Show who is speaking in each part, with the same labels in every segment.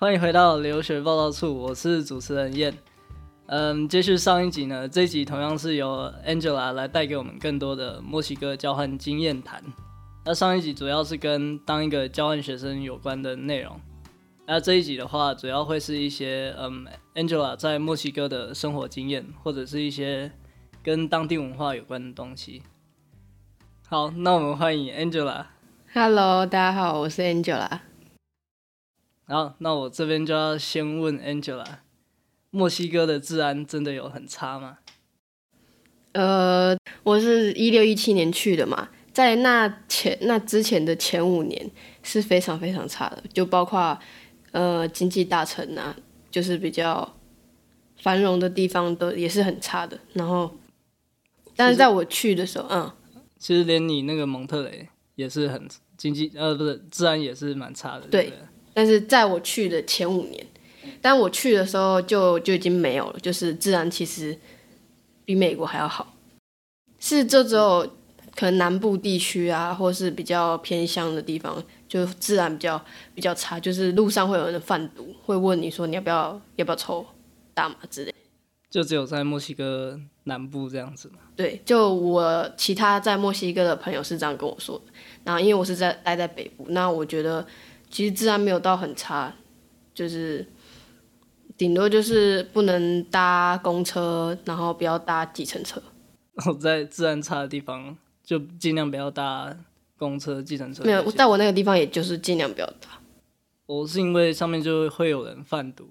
Speaker 1: 歡迎回到留學報道處，我是主持人燕。嗯，接續上一集呢，這一集同樣是由 Angela 來帶給我們更多的墨西哥交換經驗談。那、啊、上一集主要是跟當一個交換學生有關的內容，那、啊、這一集的話，主要會是一些嗯，Angela 在墨西哥的生活經驗，或者是一些跟當地文化有關的東西。好，那我們歡迎 Angela。
Speaker 2: Hello，大家好，我是 Angela。
Speaker 1: 然後，那我這邊就要先問 Angela，墨西哥的治安真的有很差嗎？呃，
Speaker 2: 我是一六一七年去的嘛，在那前那之前的前五年是非常非常差的，就包括呃經濟大城啊，就是比較繁榮的地方都也是很差的。然後，但是在我去的時候，實嗯，
Speaker 1: 其實連你那個蒙特雷也是很經濟呃，不是治安也是蠻差的，對。對
Speaker 2: 但是在我去的前五年，但我去的時候就就已經沒有了。就是治安其實比美國還要好，是這只有可能南部地區啊，或是比較偏鄉的地方，就治安比較比較差。就是路上會有人販毒，會問你說你要不要要不
Speaker 1: 要抽大麻之類。就只有在墨西哥南部這樣子嗎？
Speaker 2: 對，就我其他在墨西哥的朋友是這樣跟我說的，然後因為我是在待在北部，那我覺得。其實治安沒有到很差，就是頂多就是不能搭公車，然後不要搭計程車。
Speaker 1: 我、哦、在治安差的地方就盡量不要搭公車、計程車。沒有我在我那個地方，也就是盡量不要搭。我、哦、是因為上面就會有人販毒。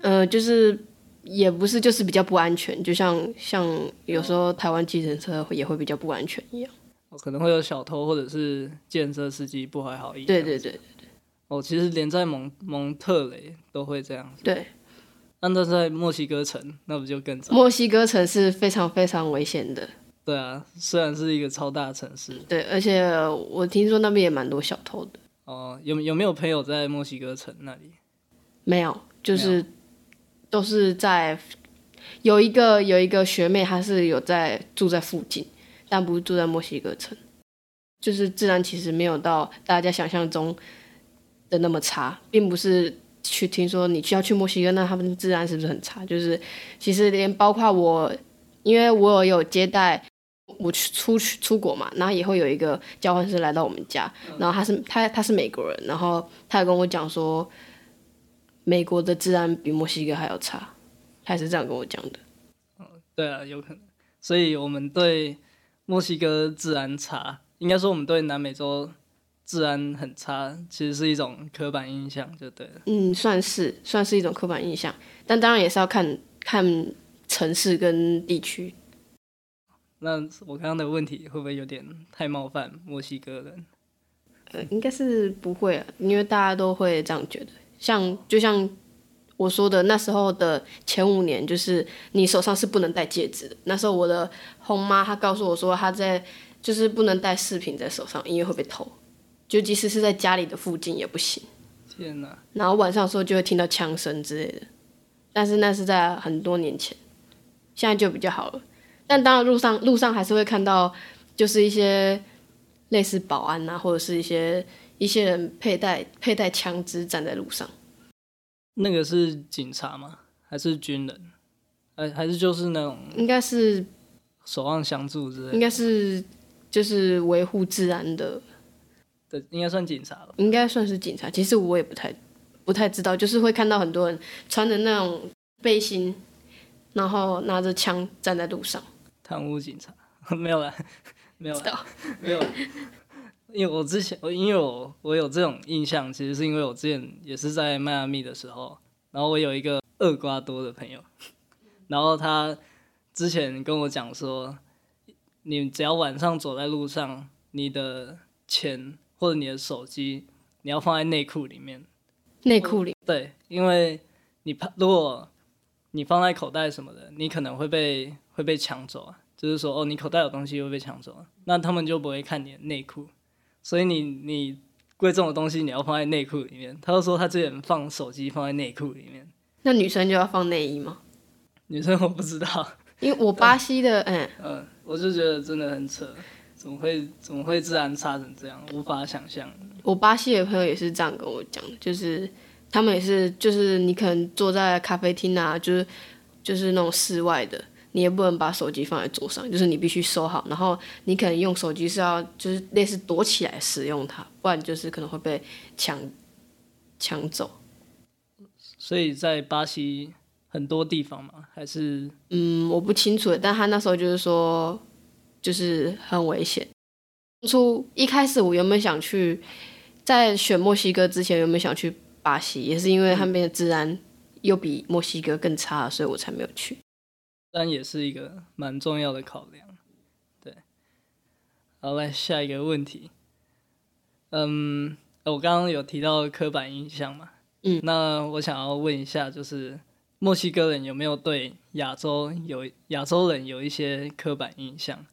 Speaker 1: 呃，
Speaker 2: 就是也不是，就是比較不安全，就像像有時候台灣計程車也會比較不安全一
Speaker 1: 樣。哦、可能會有小偷，或者是計程車司機不懷好意。對對對。哦，其實連在蒙蒙特雷都會這樣子。對，但在墨西哥城，那不就更糟？墨西
Speaker 2: 哥城是非常非常危險的。
Speaker 1: 對啊，雖然是一個超大城市。
Speaker 2: 對，而且我聽說那邊也蠻多小偷的。
Speaker 1: 哦，有有沒有朋友在墨西哥城那裡？
Speaker 2: 沒有，就是都是在有，有一個有一個學妹，她是有在住在附近，但不住在墨西哥城。就是自然其實沒有到大家想象中，的那麼差，並不是去聽說你去要去墨西哥，那他們治安是不是很差？就是其實連包括我，因為我有接待我去出去出國嘛，然後也會有一個交換生來到我們家，然後他是他他是美國人，然後他也跟我講說，美國的治安比墨西哥
Speaker 1: 還要差，他也是這樣跟我講的。嗯，對啊，有可能，所以我們對墨西哥治安差，應該說我們對南美洲，治安很差，其實是一種刻板印象，就對了。
Speaker 2: 嗯，算是算是一種刻板印象，但當然也是要看看城市跟地區。
Speaker 1: 那我剛剛的問題會不會有點太冒犯墨西哥人？
Speaker 2: 呃，應該是不會啊，因為大家都會這樣覺得。像就像我說的，那時候的前五年，就是你手上是不能戴戒指的。那時候我的轟媽她告訴我說，她在就是不能戴飾品在手上，因為會被偷。就即使是在家裡的附近也不行。天哪！然後晚上的時候就會聽到槍聲之類的，但是那是在很多年前，現在就比較好了。但當然路上路上還是會看到，就是一些類似保安吶，啊，或者是一些一些人佩戴佩戴槍支站在路上。
Speaker 1: 那個是警察嗎？還是軍人？還還是就是那種？應該是守望相助之類的。應該是
Speaker 2: 就是維護治安的。
Speaker 1: 應該算警察
Speaker 2: 了，應該算是警察。其實我也不太不太知道，就是會看到很多人穿着那種背心，然後拿着槍站在路上。貪污警察
Speaker 1: 沒有啦，沒有，沒有，知道沒有。因為我之前，因為我我有這種印象，其實是因為我之前也是在邁阿密的時候，然後我有一個厄瓜多的朋友，然後他之前跟我講說，你只要晚上走在路上，你的錢。或者你的手機，你要放在內褲裡面，
Speaker 2: 內褲裡面。
Speaker 1: 哦。對，因為你怕，如果你放在口袋什麼的，你可能會被會被搶走啊。就是說，哦，你口袋有東西會被搶走，啊，那他們就不會看你的內褲。所以你你貴重的東西你要放在內褲裡面。他就說他之前放手機放在內褲裡面。
Speaker 2: 那女生就要放內衣嗎？
Speaker 1: 女生我不知道，因為我巴西的，哎 對。嗯，我就覺得真的很扯。怎麼會怎麼會治安差成這樣？無法想象。
Speaker 2: 我巴西的朋友也是這樣跟我講，就是他們也是，就是你可能坐在咖啡廳啊，就是就是那種室外的，你也不能把手機放在桌上，就是你必須收好，然後你可能用手機是要就是類似躲起來使用它，不然就是可能會被搶搶走。
Speaker 1: 所以在巴西
Speaker 2: 很多地方嗎？還是？嗯，我不清楚，但他那時候就是說。就是很危險。初一開始，我原本想去，在選墨西哥之前，原本想去巴西，也是因為那邊的治安又比墨西哥更差，所以我才沒有去。
Speaker 1: 但也是一個蠻重要的考量，對。好，來下一個問題。嗯，我剛剛有提到刻板印象嘛？嗯。那我想要問一下，就是墨西哥人有沒有對亞洲有亞洲人有一些刻板印象？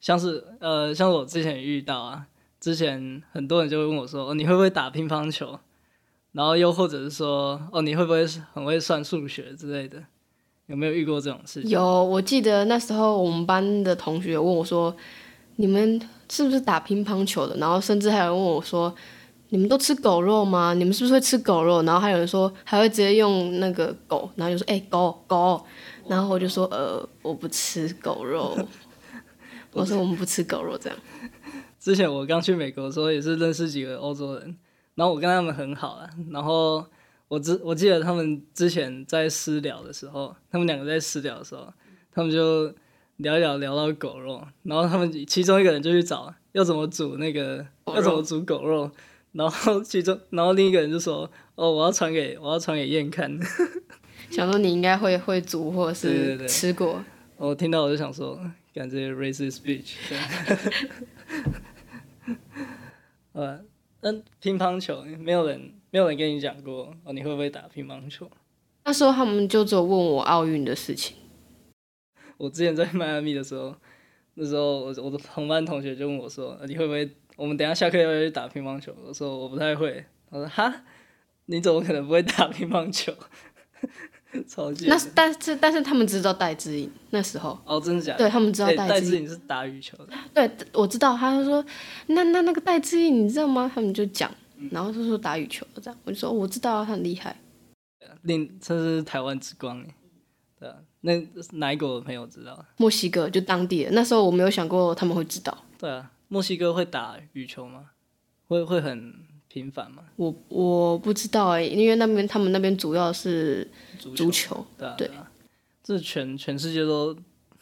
Speaker 1: 像是呃，像我之前也遇到啊，之前很多人就會問我說：“哦，你會不會打乒乓球？”然後又或者是說：“哦，你會不會很會算數學之類的？”有沒有遇過這種事情？有，我
Speaker 2: 記得那時候我們班的同學問我說：“你們是不是打乒乓球的？”然後甚至還有人問我說：“你們都吃狗肉嗎？你們是不是會吃狗肉？”然後還有人說還會直接用那個狗，然後就說：“欸，狗狗。”然後我就說：“呃，我不吃狗肉。” 我說我們不吃狗肉這樣。
Speaker 1: 之前我剛去美國的時候，也是認識幾個歐洲人，然後我跟他們很好啊。然後我之我記得他們之前在私聊的時候，他們兩個在私聊的時候，他們就聊一聊聊到狗肉，然後他們其中一個人就去找要怎麼煮那個，狗肉。要怎麼煮狗肉，然後其中然後另一個人就說：“哦，我要傳給我要傳給燕看。 ”想
Speaker 2: 說你應該會會煮或者是吃過。
Speaker 1: 我聽到我就想說。講這些 racist speech，呃，那、 嗯、乒乓球，沒有人沒有人跟你講過哦，你會不會打乒乓球？
Speaker 2: 那時候他們就只有問我奧運的事情。
Speaker 1: 我之前在邁阿密的時候，那時候我我的同班同學就問我說：“啊、你會不會？我們等下下課要不要去打乒乓球？”我說：“我不太會。”他說：“哈，你怎麼可能不會打乒乓球？” 超級的那，
Speaker 2: 但是但是他們知道戴資穎那時候
Speaker 1: 哦？真的假的？對，他們知道戴、欸、戴資穎是打羽球的。
Speaker 2: 對我知道，他就說，那那那個戴資穎你知道嗎？他們就講，然後就說打羽球，這樣。我就說我知道、啊、他很厲害，
Speaker 1: 令這是台灣之光。對啊，那哪國的朋友知道，
Speaker 2: 墨西哥就當地的。那時候我沒有想過他們會知道。
Speaker 1: 對啊，墨西哥會打羽球嗎？會會很。頻繁嗎？
Speaker 2: 我我不知道哎、欸，因為那邊他們那邊主要是足球，
Speaker 1: 對啊，這全全世界都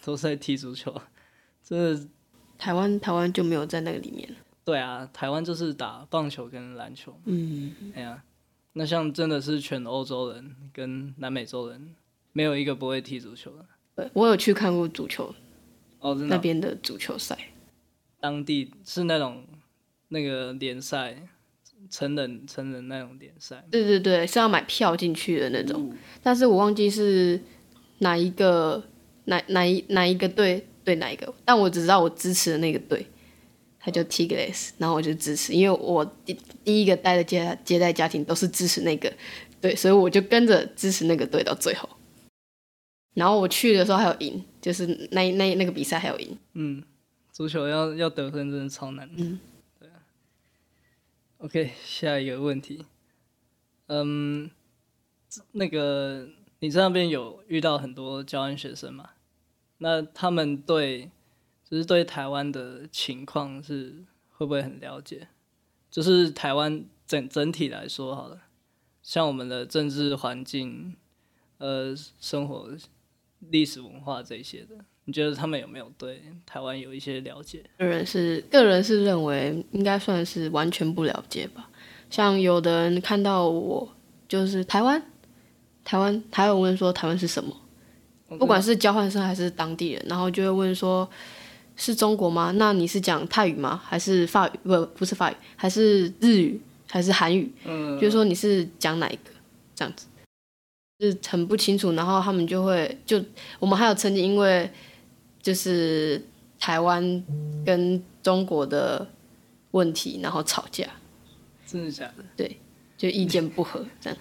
Speaker 1: 都在踢足球，
Speaker 2: 這台灣台灣就沒有在那個裡面。
Speaker 1: 對啊，台灣就是打棒球跟籃球。嗯哼，哎呀、啊，那像真的是全歐洲人跟南美洲人沒有一個不會踢足球的。對，
Speaker 2: 我有去看過足球，
Speaker 1: 哦、oh,，那邊的足球賽，當地是那種那個聯賽。成人成人那種聯賽，對
Speaker 2: 對對，是要買票進去的那種。嗯、但是我忘記是哪一個哪哪一哪一個隊對哪一個，但我只知道我支持的那個隊，它叫 Tigres，、呃、然後我就支持，因為我第第一個待的接接待家庭都是支持那個隊，所以我就跟着支持那個隊到最後。然後我去的時候還有贏，就是那那那個比賽還有贏。嗯，
Speaker 1: 足球要要得分真的超難的。嗯。OK，下一個問題，嗯，那個你在那邊有遇到很多交換學生嗎？那他們對，就是對台灣的情況是會不會很了解？就是台灣整整體來說好了，像我們的政治環境，呃，生活、歷史文化這些的。你覺得他們有沒有對台灣有一些了解？
Speaker 2: 個人是個人是認為應該算是完全不了解吧。像有的人看到我就是台灣、台灣，還有問說台灣是什麼？
Speaker 1: 不管是
Speaker 2: 交換生還是當地人，然後就會問說是中國嗎？那你是講泰語嗎？還是法語？不，不是法語，還是日語？還是韓語？
Speaker 1: 嗯，就是說
Speaker 2: 你是講哪一個？這樣子，就是很不清楚。然後他們就會就我們還有曾經因為。就是台灣跟中國的問題，然後吵架。
Speaker 1: 真的假的？
Speaker 2: 對，就意見不合這樣。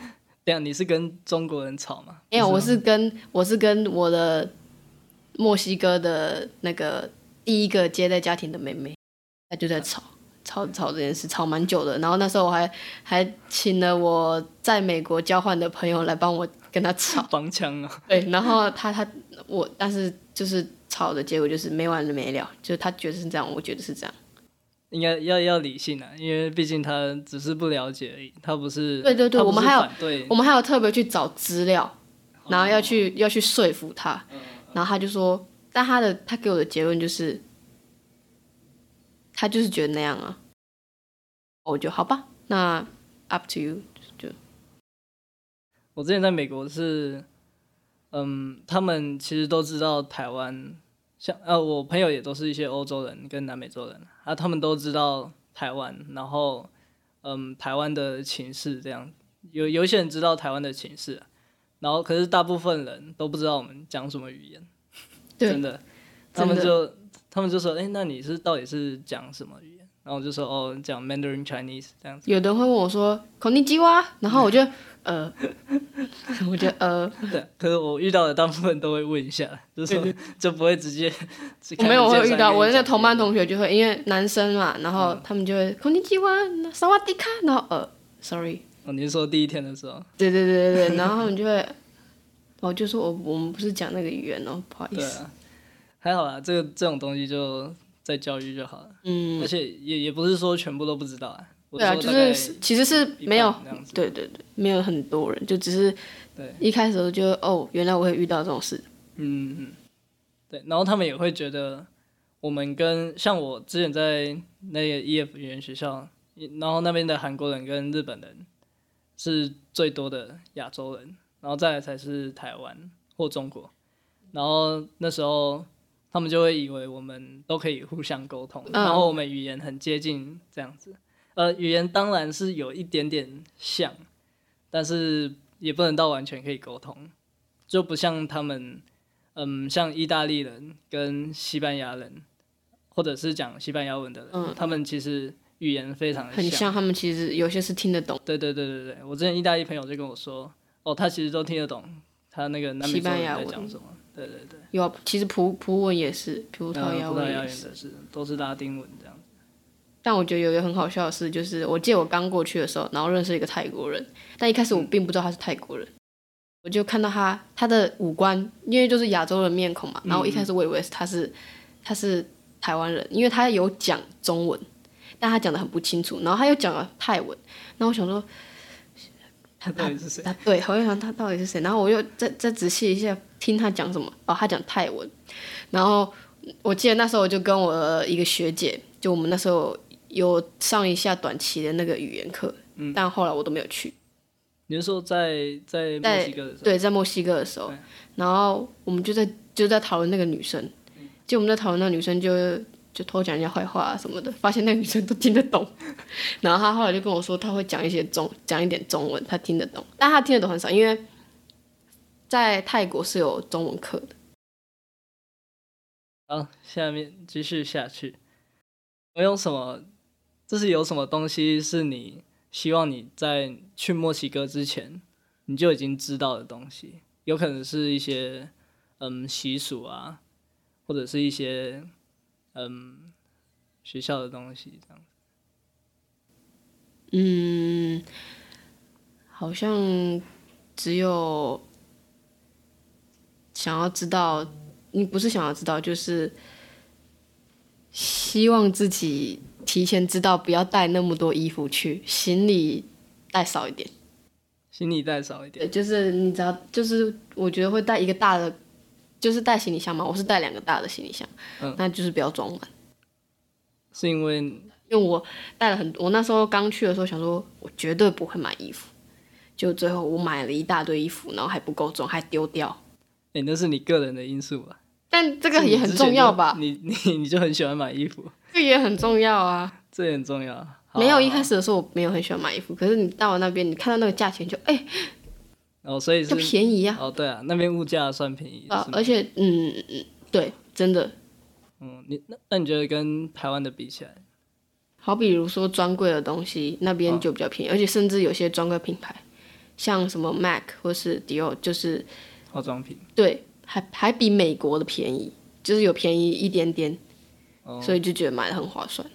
Speaker 1: 這樣 你是跟中國人吵嗎？沒有、欸，我是
Speaker 2: 跟我是跟我的墨西哥的那個第一個接待家庭的妹妹，她就在吵、啊、吵吵，吵這件事，吵蠻久的。然後那時候我還還請了我在美國交換的朋友來幫我跟她吵，幫腔啊。對，然後她她我，但是就是。吵的結果就是沒完沒了，就是他覺得是這樣，我覺得是這樣。
Speaker 1: 應該要要理性的、啊，因為畢竟他只是不了解而已，他不是對對對，對我們還有對我
Speaker 2: 們還有特別去找資料，然後要去嗎要去說服他，嗯、然後他就說，但他的他給我的結論就是，他就是覺得那樣啊。我就好吧，那 up to you 就。
Speaker 1: 我之前在美國是，嗯，他們其實都知道台灣。像呃，我朋友也都是一些歐洲人跟南美洲人，啊，他們都知道台灣，然後，嗯，台灣的情勢這樣，有有些人知道台灣的情勢，啊，然後可是大部分人都不知道我們講什麼語言？對 真的，他們就的他們就說，哎、欸，那你是到底是講什麼語言？然後我就說，哦，講 Mandarin Chinese 這樣子。有人
Speaker 2: 會問我說，Konichiwa，然後我就。嗯呃，我覺得呃
Speaker 1: 對，可是我遇到的大部分都會問一下，就是說對對對就不會直接。沒有，我沒遇到，我那個
Speaker 2: 同班同學就會，因為男生嘛，然後他們就會孔尼基哇、薩瓦迪卡，然後
Speaker 1: 呃，sorry。哦，你是說第一天的時候。對對對對，然後
Speaker 2: 你就會，我、 哦、就說我我們不是講那個語言哦，不好意思。啊、
Speaker 1: 還好啦，這個這種東西就再教育就好了。嗯。而且也也不是說全部都不知道啊。對啊，就是
Speaker 2: 其實是沒有，對對對，沒有很多人，就只是，對，一開始就覺得對哦，原來我會遇到這種事，嗯
Speaker 1: 嗯，對，然後他們也會覺得我們跟像我之前在那個 EF 語言學校，然後那邊的韓國人跟日本人是最多的亞洲人，然後再來才是台灣或中國，然後那時候他們就會以為我們都可以互相溝通，然後我們語言很接近這樣子。嗯呃，語言當然是有一點點像，但是也不能到完全可以溝通，就不像他們，嗯，像意大利人跟西班牙人，或者是講西班牙文的人，嗯、他們其實語言非常的像很像，他們其實有些是聽得懂。對對對對對，我之前意大利朋友就跟我說，哦，他其實都聽得懂，他那個南美洲在講什麼。對對對。
Speaker 2: 有，其實葡葡文也是，葡萄牙文也
Speaker 1: 是，嗯，是，都是拉丁文這樣。
Speaker 2: 但我覺得有一個很好笑的事，就是我記得我剛過去的時候，然後認識一個泰國人，但一開始我並不知道他是泰國人，嗯、我就看到他他的五官，因為就是亞洲人面孔嘛，然後我一開始我以為他是、嗯、他是台灣人，因為他有講中文，但他講得很不清楚，然後他又講了泰文，然後我想說他到底是誰？對，我就想他到底是誰？然後我又再再仔細一下聽他講什麼，哦，他講泰文，然後我記得那時候我就跟我一個學姐，就我們那時候。有上一下短期的那個語言課，嗯、
Speaker 1: 但後來我都沒有去。你是說在，在墨西哥的時候？對，
Speaker 2: 在墨西哥的時候，哎、然後我們就在就在討論那個女生，嗯、就我們在討論那個女生就，就就偷講人家壞話什麼的，發現那個女生都聽得懂。 然後她後來就跟我說，他會講一些中講一點中文，他聽得懂，但他聽得懂很少，因為在泰國是有中文課的。好、啊，
Speaker 1: 下面繼續下去，我用什麼？這是有什麼東西是你希望你在去墨西哥之前你就已經知道的東西？有可能是一些嗯習俗啊，或者是一些嗯學校的東西這樣。嗯，
Speaker 2: 好像只有想要知道，你不是想要知道，就是希望自己。提前知道不要帶那麼多衣服去，行李帶少一點。
Speaker 1: 行李帶少一點，
Speaker 2: 就是你只要就是，我覺得會帶一個大的，就是帶行李箱嘛。我是帶兩個大的行李箱，嗯、那就是不要裝滿。
Speaker 1: 是因為
Speaker 2: 因為我帶了很多，我那時候剛去的時候想說，我絕對不會買衣服，就最後我買了一大堆衣服，然後還不夠重，還丟掉。
Speaker 1: 哎、欸，那是你個人的因素吧。
Speaker 2: 但這個也很重要吧？
Speaker 1: 你你你，就很喜歡買衣服？
Speaker 2: 這也很重要啊，
Speaker 1: 這也很重要。啊、
Speaker 2: 沒有一開始的時候，我沒有很喜歡買衣服。可是你到了那邊，你看到那個價錢就哎，欸、
Speaker 1: 哦，所以就便宜啊。哦，對啊，那邊物價算便宜啊。嗎而且嗯嗯嗯，
Speaker 2: 對，真的。
Speaker 1: 嗯，你那那你覺得跟台灣的比起來，
Speaker 2: 好比如說專櫃的東西，那邊就比較便宜，啊、而且甚至有些專櫃品牌，像什麼 Mac 或是 Dior 就是化妝品，對。還還比美國的便宜，就是有便宜一點點
Speaker 1: ，oh. 所以
Speaker 2: 就覺得買得很划算。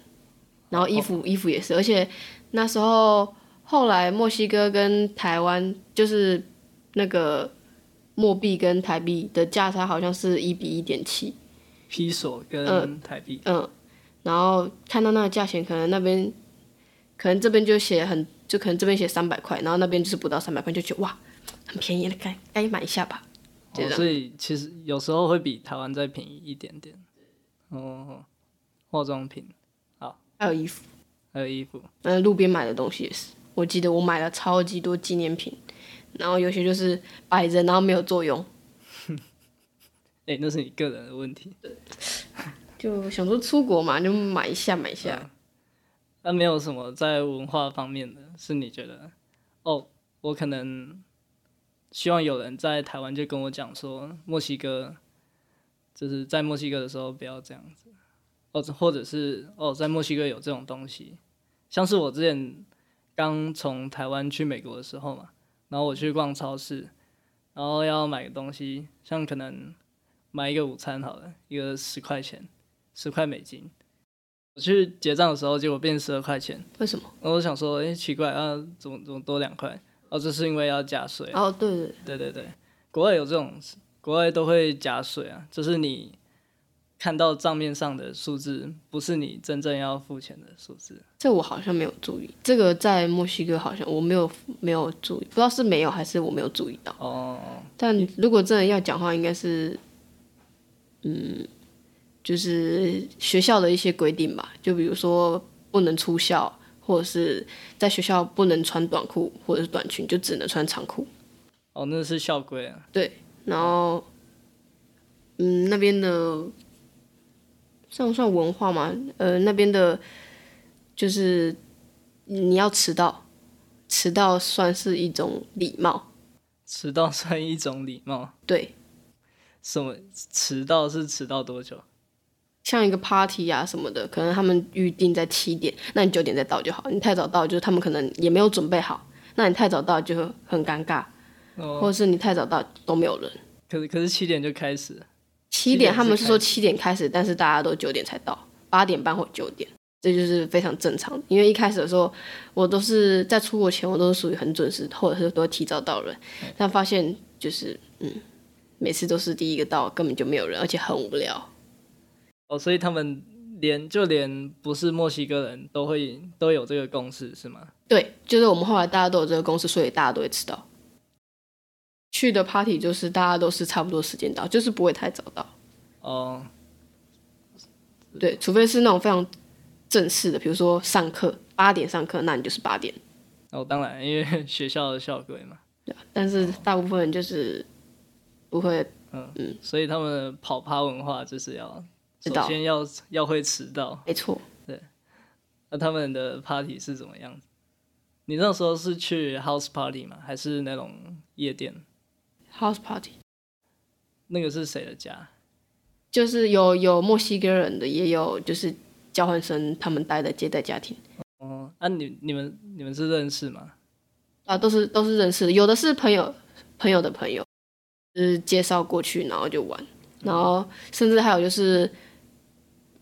Speaker 2: 然後衣服、oh. 衣服也是，而且那時候後來墨西哥跟台灣就是那個墨幣跟台幣的價差好像是一比一點七，
Speaker 1: 披索跟台幣、
Speaker 2: 嗯。嗯，然後看到那個價錢，可能那邊可能這邊就寫很，就可能這邊寫三百塊，然後那邊就是不到三百塊，就覺得哇，很便宜了，該該買一下吧。
Speaker 1: 哦、所以其實有時候會比台灣再便宜一點點。哦，
Speaker 2: 化
Speaker 1: 妝品，好，還有衣服，還有衣服。那
Speaker 2: 路邊買的東西也是。我記得我買了超級多紀念品，然後有些就是擺着，然後沒有作用。
Speaker 1: 誒、 欸，那是你個人的問題。
Speaker 2: 對 就想說出國嘛，就買一下買一下。那、
Speaker 1: 啊、沒有什麼在文化方面的是你覺得？哦，我可能。希望有人在台灣就跟我講說，墨西哥就是在墨西哥的時候不要這樣子，或者或者是哦，在墨西哥有這種東西，像是我之前剛從台灣去美國的時候嘛，然後我去逛超市，然後要買個東西，像可能買一個午餐好了，一個十塊錢，十塊美金，我去結賬的時候，結果變十二塊錢，為什麼？我想說，哎、欸，奇怪啊，怎麼怎麼多兩塊？哦，這，就是因為要加稅啊。哦、oh,，對對對對對，國外有這種，國外都會加稅啊，就是你看到賬面上的數字，不是你真正要付錢的數字。
Speaker 2: 這我好像沒有注意，這個在墨西哥好像我沒有沒有注意，不知道是沒有還是我沒有注意到。哦，oh, 但如果真的要講話，應該是，嗯，就是學校的一些規定吧，就比如說不能出校。或者是在學校不能穿短褲或者是短裙，就只能穿長褲。
Speaker 1: 哦，那是校規啊。
Speaker 2: 對，然後，嗯，那邊的，算不算文化嘛？呃，那邊的，就是你要遲到，遲到算是一種禮貌。
Speaker 1: 遲到算一種禮貌？對。什麼？遲到是遲到多久？
Speaker 2: 像一個 party 啊什麼的，可能他們預定在七點，那你九點再到就好。你太早到，就是他們可能也沒有準備好。那你太早到就很尷尬，哦、或者是你太早到都沒有人。
Speaker 1: 可是可是七點就開始，七點他們是說
Speaker 2: 七點開始，是開始，但是大家都九點才到，八點半或九點，這就是非常正常。因為一開始的時候，我都是在出國前，我都是屬於很準時，或者是都提早到人。嗯、但發現就是，嗯，每次都是第一個到，根本就沒有人，而且很無聊。
Speaker 1: 哦，oh, 所以他們連就連不是墨西哥人都會都有這個共識是嗎？
Speaker 2: 對，就是我們後來大家都有這個共識，所以大家都會遲到。去的 party 就是大家都是差不多時間到，就是不會太早到。哦，oh. 對，除非是那種非常正式的，比如說上課八點上課，那你就是八點。
Speaker 1: 哦，oh, 當然，因為學校的校規嘛。對，
Speaker 2: 但是大部分人就是不會，oh. 嗯
Speaker 1: 嗯，所以他們跑趴文化就是要。首先要要會遲到，沒錯。對，那他們的 party 是怎麼樣？你那時候是去 house party 嗎？還是那種夜店？House party，那個是誰的家？
Speaker 2: 就是有有墨西哥人的，也有就是交換生他們待的接待家庭。
Speaker 1: 哦，那、啊、你你們你們是認識嗎？
Speaker 2: 啊，都是都是認識的，有的是朋友朋友的朋友，就是介紹過去，然後就玩，然後甚至還有就是。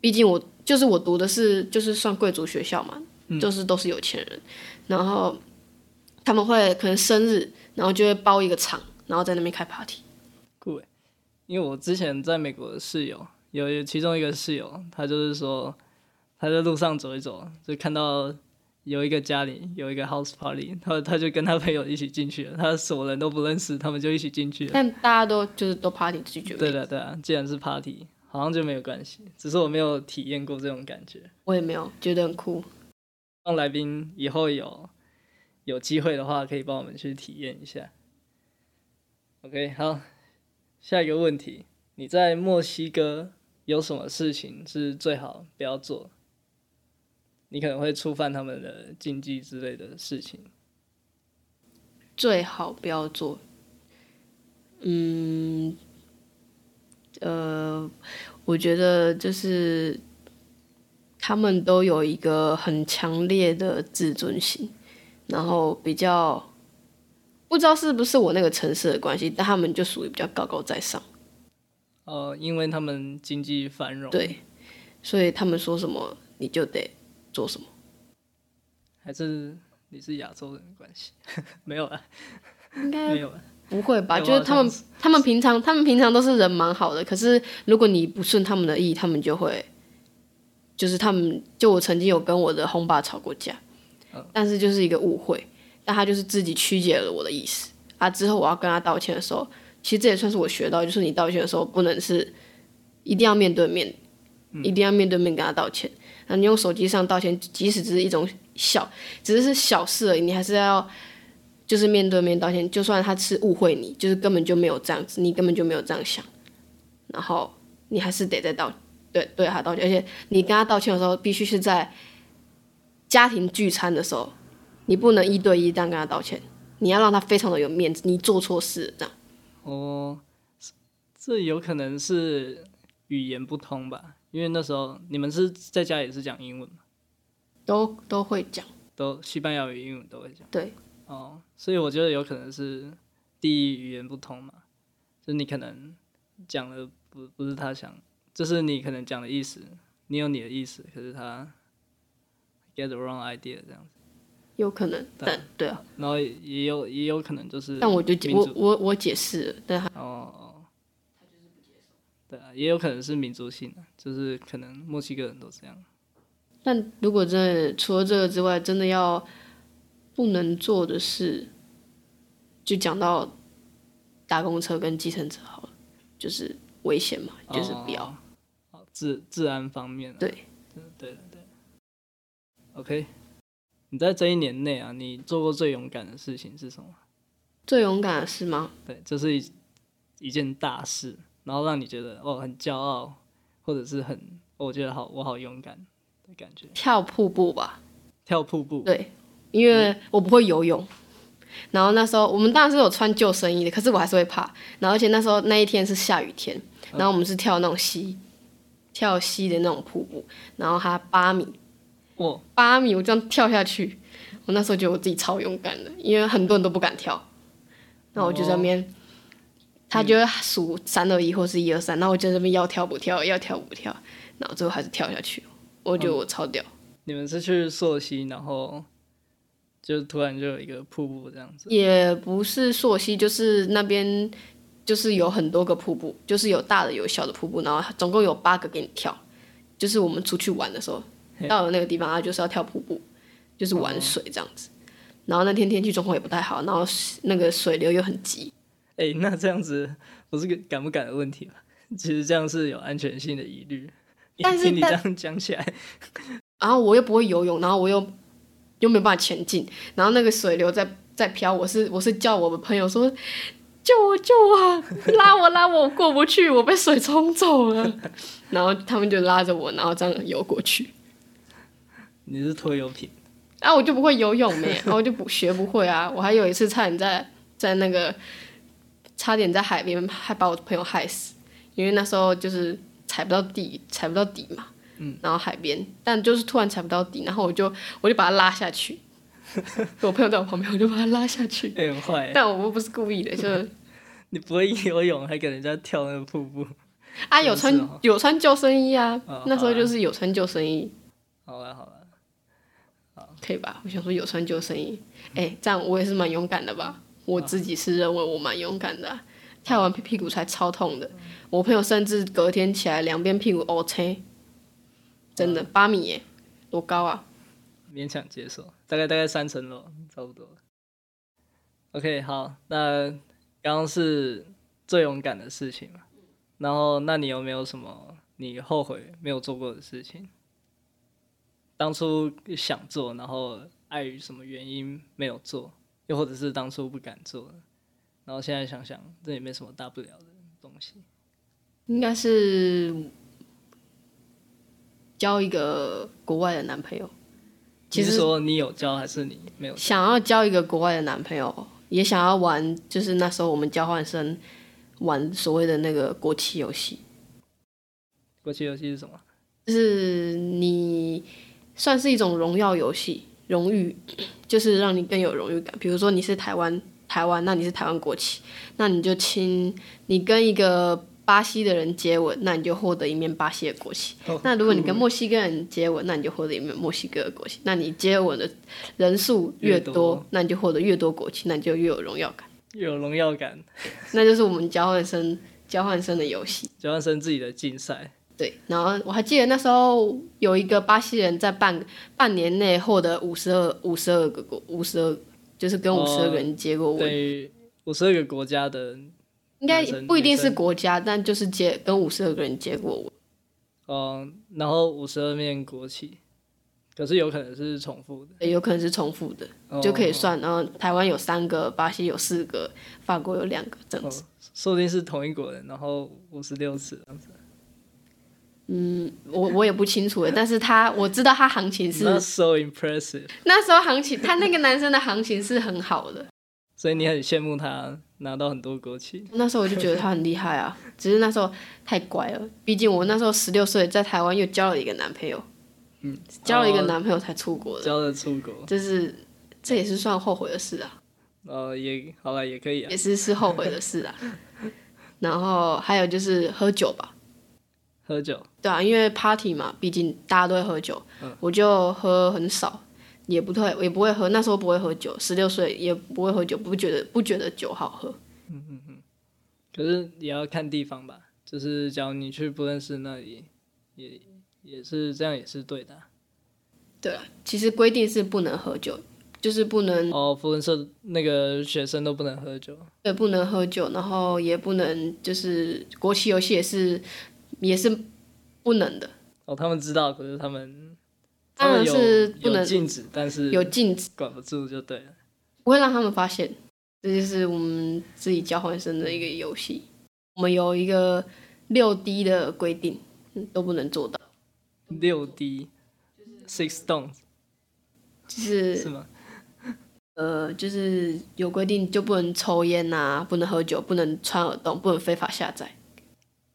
Speaker 2: 畢竟我就是我讀的是就是算貴族學校嘛，嗯，就是都是有錢人，然後他們會可能生日，然後就會包一個場，然後在那邊開 party。
Speaker 1: 對，因為我之前在美國的室友有其中一個室友，他就是說他在路上走一走，就看到有一個家裡有一個 house party，他他就跟他朋友一起進去了，他什麼人都不認識，他們就一起進去了。但大家都就是都 party 自己覺得，對的，對啊、對啊，既然是 party。好像就沒有關係，只是我沒有體驗過這種感覺，
Speaker 2: 我也沒有覺得很酷。
Speaker 1: 讓來賓以後有有機會的話，可以幫我們去體驗一下。OK，好，下一個問題，你在墨西哥有什麼事情是最好不要做？你可能會觸犯他們的禁忌之類的事情。
Speaker 2: 最好不要做，嗯。呃，我覺得就是他們都有一個很強烈的自尊心，然後比較不知道是不是我那個城市的關係，但他們就屬於比較高高在上。
Speaker 1: 呃，因為他們經濟繁榮，對，
Speaker 2: 所以他們說什麼你就得做什麼？
Speaker 1: 還是你是亞洲人的關係？ 沒有啊了，應該 Okay. 沒有
Speaker 2: 不會吧？欸、就是他們，他們平常，他們平常都是人蠻好的。是，可是如果你不順他們的意，他們就會，就是他們，就我曾經有跟我的轟爸吵過架，哦、但是就是一個誤會，但他就是自己曲解了我的意思啊。之後我要跟他道歉的時候，其實這也算是我學到，就是你道歉的時候不能是，一定要面對面，嗯、一定要面對面跟他道歉。那你用手機上道歉，即使只是一種小，只是是小事而已，你還是要。就是面對面道歉，就算他是誤會你，就是根本就沒有這樣子，你根本就沒有這樣想，然後你還是得再道對，對他道歉，而且你跟他道歉的時候，必須是在家庭聚餐的時候，你不能一對一這樣跟他道歉，你要讓他非常的有面子，你做錯事這樣。
Speaker 1: 哦，這有可能是語言不通吧？因為那時候你們是在家也是講英文嗎？都都會講，都西班牙語、英文都會講。對。哦，所以我覺得有可能是第一語言不通嘛，就你可能講的不不是他想，就是你可能講的意思，你有你的意思，可是他 get the wrong idea 這樣子，有可能，但，但對啊，然後也有也有可能就是，但我就我我
Speaker 2: 我解釋，但他哦，後他就是不接受，
Speaker 1: 對啊，也有可能是民族性的，就是可能墨西哥人都這樣，
Speaker 2: 但如果這除了這個之外，真的要。不能做的事就講到，搭公車跟計程車
Speaker 1: 好了，就是危險嘛，就是不要，好、哦，治治安方面、啊。對，對對對。OK，你在這一年內啊，你做過最勇敢的事情是什麼？最勇敢的事嗎？對，這、就是一一件大事，然後讓你覺得哦很驕傲，或者是很、哦，我覺得好，我好勇敢的感
Speaker 2: 覺。跳瀑布吧。
Speaker 1: 跳瀑布。對。
Speaker 2: 因為我不會游泳，嗯、然後那時候我們當然是有穿救生衣的，可是我還是會怕。然後而且那時候那一天是下雨天，然後我們是跳那種溪，Okay. 跳溪的那種瀑布，然後它八米，八、oh. 米，我這樣跳下去，我那時候覺得我自己超勇敢的，因為很多人都不敢跳。然後我就在那邊，他、oh. 就會數三二一或是一二三，那我就在那邊要跳不跳，要跳不跳，然後最後還是跳下去，
Speaker 1: 我覺得我超屌。Oh. 你們是去溯溪，然後。就突然就有一個瀑布這樣子，也
Speaker 2: 不是溯溪，就是那邊就是有很多個瀑布，就是有大的有小的瀑布，然後總共有八個給你跳。就是我們出去玩的時候嘿到了那個地方，然、啊、就是要跳瀑布，就是玩水這樣子。哦、然後那天天氣狀況也不太好，然後那個水流又很急。
Speaker 1: 哎、欸，那這樣子不是個敢不敢的問題嗎？其實這樣是有安全性的疑慮是。 但是你這樣講起來，
Speaker 2: 然後我又不會游泳，然後我又。又沒有辦法前進，然後那個水流在在飄，我是我是叫我的朋友說，救我救我，拉我拉我,我過不去，我被水沖走了，然後他們就拉着我，然後這樣游
Speaker 1: 過去。你是拖油瓶，
Speaker 2: 啊，我就不會游泳唄、欸，然後就不學不會啊，我還有一次差點在在那個差點在海邊還把我朋友害死，因為那時候就是踩不到底，踩不到底嘛。然後海邊，但就是突然踩不到底，然後我就我就把它拉下去。
Speaker 1: 我朋友在我旁邊，我就把它拉下去。但
Speaker 2: 我又不是故意的，就是。
Speaker 1: 你不會游泳還給人家跳那個瀑布？
Speaker 2: 啊，有穿有穿救生衣啊！那時候就是有穿救生衣。好了好了，可以吧？我想說有穿救生衣，哎，這樣我也是蠻勇敢的吧？我自己是認為我蠻勇敢的。跳完屁股才超痛的，我朋友甚至隔天起來兩邊屁股凹真的八米耶，
Speaker 1: 多高啊？勉強接受，大概大概三層樓，差不多。OK，好，那剛剛是最勇敢的事情嘛，然後，那你有沒有什麼你後悔沒有做過的事情？當初想做，然後礙於什麼原因沒有做，又或者是當初不敢做，然後現在想想，這也沒什麼大不了的東西。應
Speaker 2: 該是。交一個國外的男朋友，
Speaker 1: 其實說你有交還是你沒有？想
Speaker 2: 要交一個國外的男朋友，也想要玩，就是那時候我們交換生玩所謂的那個國旗遊戲。
Speaker 1: 國旗遊戲是什麼？
Speaker 2: 就是你算是一種榮耀遊戲，榮譽就是讓你更有榮譽感。比如說你是台灣，台灣，那你是台灣國旗，那你就親，你跟一個。巴西的人接吻，那你就獲得一面巴西的國旗。Oh, 那如果你跟墨西哥人接吻，那你就獲得一面墨西哥的國旗。那你接吻的人數越多，越多那你就獲得越多國旗，那你就越有榮耀感，
Speaker 1: 越有榮耀感。
Speaker 2: 那就是我們交換生交換生的遊戲，
Speaker 1: 交換生自己的競賽。
Speaker 2: 對，然後我還記得那時候有一個巴西人在半半年內獲得五十二五十二個國五十二，52,
Speaker 1: 就是跟五十二個人接過吻，對五十二個國家的。應該不一定是
Speaker 2: 國家，男生女生，但就是接跟五十二個人接過吻，嗯，
Speaker 1: 然後五十二面國旗，可是有可能是重複
Speaker 2: 的，有可能是重複的、哦、就可以算。然後台灣有三個，巴西有四個，法國有兩個這
Speaker 1: 樣子，說不、哦、定是同一國人。然後五十六次這樣子，嗯，
Speaker 2: 我我也不清楚 但是他我知道他行情是、
Speaker 1: so impressive、
Speaker 2: 那時候行情，他那個男生的行情是很好的，
Speaker 1: 所以你很羨慕他。拿到很多國旗，那時候我就覺得他
Speaker 2: 很厲害啊， 只是那時候太乖了。畢竟我那時候十六歲，在台灣又交了一個男朋友，
Speaker 1: 嗯，交了一個男朋友才出國的、哦，交了出國，就是
Speaker 2: 這也是算後悔的事啊。
Speaker 1: 哦、也好吧，也可以啊，也是是後悔的事啊。
Speaker 2: 然後還有就是喝酒吧，
Speaker 1: 喝酒，
Speaker 2: 對啊，因為 party 嘛，畢竟大家都會喝酒，嗯、我就喝很少。也不太也不會喝，那時候不會喝酒，十六歲也不會喝酒，不覺得不覺得酒好喝。
Speaker 1: 嗯嗯嗯，可是也要看地方吧，就是假如你去不認識那裡，也也是這樣也是對的啊。
Speaker 2: 對，其實規定是不能喝酒，
Speaker 1: 就是不能哦。不認識那個學生都不能喝酒，
Speaker 2: 對，不能喝酒，然後也不能就是國旗遊戲也是也是不能的。
Speaker 1: 哦，他們知道，可是他們。
Speaker 2: 他們當然是不能，但是有禁止
Speaker 1: 管不住就對了。
Speaker 2: 不會讓他們發現，這就是我們自己交換生的一個遊戲。我們有一個六 D 的規定，都不能做到。
Speaker 1: 六 D，6 就是 six don't，
Speaker 2: 就是嗎？
Speaker 1: 呃，
Speaker 2: 就是有規定就不能抽煙吶、啊，不能喝酒，不能穿耳洞，不能非法下
Speaker 1: 載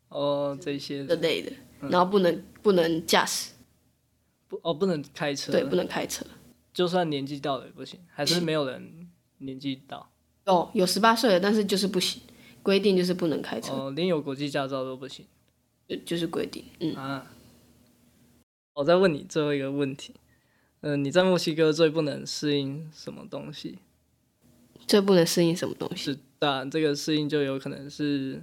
Speaker 1: 哦這些之類的，嗯、
Speaker 2: 然後不能不能駕駛。
Speaker 1: 哦，不能開車。對，不能開車。就算年紀到了也不行，還是沒有人年紀到。
Speaker 2: 哦，有十八歲了，但是就是不行。規定就是不能開車。哦，
Speaker 1: 連有國際駕照都不行。就，就是規定。嗯。啊。我再問你最後一個問題，嗯、呃，你在墨西哥最不能適應什麼東西？
Speaker 2: 最不能適應什麼東西？是，
Speaker 1: 當然、啊、這個適應就有可能是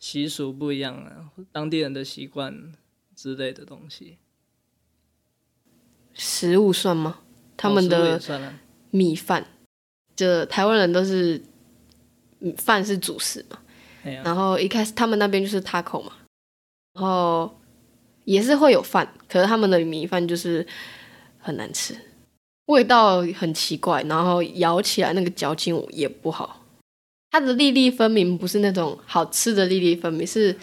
Speaker 1: 習俗不一樣啊，當地人的習慣之類的東西。
Speaker 2: 食物算嗎？他們的米飯，這、哦、台灣人都是米飯是主食嘛。哎、呀然後一開始他們那邊就是塔可嘛，然後也是會有飯，可是他們的米飯就是很難吃，味道很奇怪，然後咬起來那個嚼勁也不好，它的粒粒分明不是那種好吃的粒粒分明是。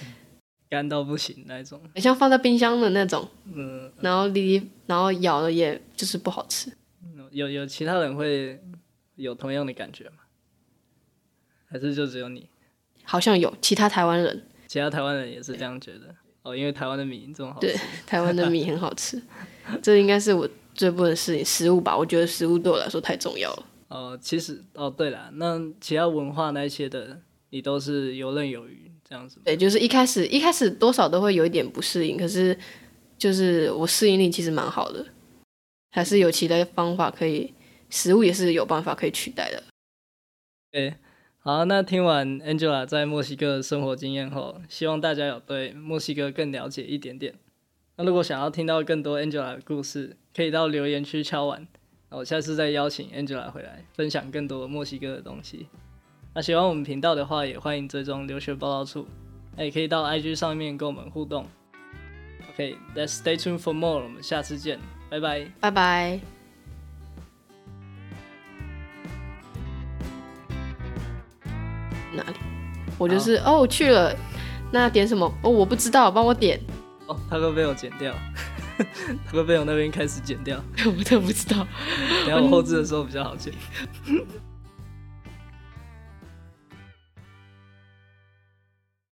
Speaker 1: 乾到不行那一種，你像
Speaker 2: 放在冰箱的那種，嗯，然後裡、裡然後咬了也就是不好吃。
Speaker 1: 有有其他人會有同樣的感覺嗎？還是就只有你？
Speaker 2: 好像有其他台灣
Speaker 1: 人，其他台灣人也是這樣覺得對哦，因為台灣的米這麼好吃。對，
Speaker 2: 台灣的米很好吃，
Speaker 1: 這應該是我最不能適應食物吧？我覺得食物對我來說太重要了。哦，其實哦，對了，那其他文化那些的，你都是遊刃有餘。這樣
Speaker 2: 子，對，就是一開始一開始多少都會有一點不適應，可是就是我適應力其實蠻好的，還是有其他方法可以，食物也是有辦法可以取代的。
Speaker 1: 對，okay, 好啊，那聽完 Angela 在墨西哥的生活經驗後，希望大家有對墨西哥更了解一點點。那如果想要聽到更多 Angela 的故事，可以到留言區敲碗，那我下次再邀請 Angela 回來分享更多墨西哥的東西。那、啊、喜歡我們頻道的話，也歡迎追蹤留學報道處。哎，可以到 IG 上面跟我們互動。OK，Let's、okay, stay tuned for more。我們下次見，拜拜。拜
Speaker 2: 拜。我就是好哦去了，那點什麼？哦，我不知道，幫我點。
Speaker 1: 哦，他都被我剪掉， 他都被我那邊開始剪掉。
Speaker 2: 我都不知道。
Speaker 1: 後、嗯、我後製的時候比較好剪。